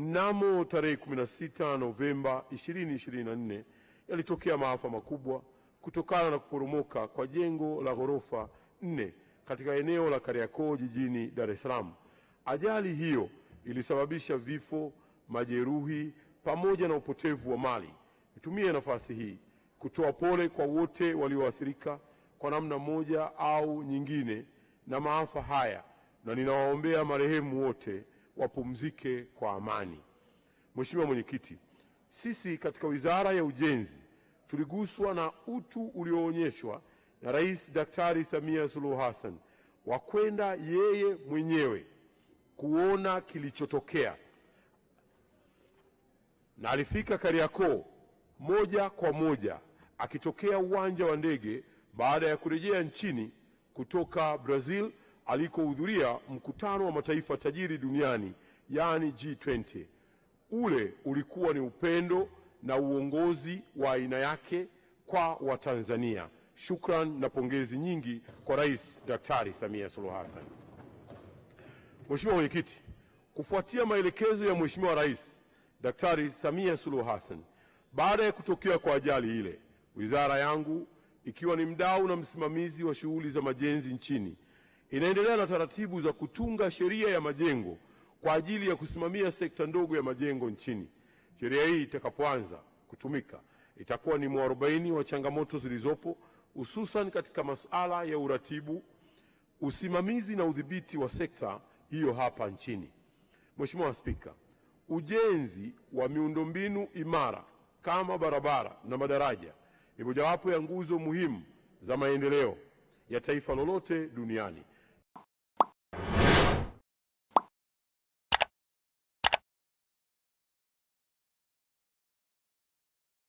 Mnamo tarehe 16 Novemba 2024 yalitokea maafa makubwa kutokana na kuporomoka kwa jengo la ghorofa nne katika eneo la Kariakoo jijini Dar es Salaam. Ajali hiyo ilisababisha vifo, majeruhi pamoja na upotevu wa mali. Nitumie nafasi hii kutoa pole kwa wote walioathirika kwa namna moja au nyingine na maafa haya, na ninawaombea marehemu wote wapumzike kwa amani. Mheshimiwa Mwenyekiti, sisi katika Wizara ya Ujenzi tuliguswa na utu ulioonyeshwa na Rais Daktari Samia Suluhu Hassan wa kwenda yeye mwenyewe kuona kilichotokea, na alifika Kariakoo moja kwa moja akitokea uwanja wa ndege baada ya kurejea nchini kutoka Brazil alikohudhuria mkutano wa mataifa tajiri duniani yaani G20. Ule ulikuwa ni upendo na uongozi wa aina yake kwa Watanzania. Shukran na pongezi nyingi kwa Rais Daktari Samia Suluhu Hassan. Mheshimiwa Mwenyekiti, kufuatia maelekezo ya Mheshimiwa Rais Daktari Samia Suluhu Hassan, baada ya kutokea kwa ajali ile, wizara yangu ikiwa ni mdau na msimamizi wa shughuli za majenzi nchini inaendelea na taratibu za kutunga sheria ya majengo kwa ajili ya kusimamia sekta ndogo ya majengo nchini. Sheria hii itakapoanza kutumika itakuwa ni mwarobaini wa changamoto zilizopo hususan katika masuala ya uratibu, usimamizi na udhibiti wa sekta hiyo hapa nchini. Mheshimiwa Spika, ujenzi wa miundombinu imara kama barabara na madaraja ni mojawapo ya nguzo muhimu za maendeleo ya taifa lolote duniani.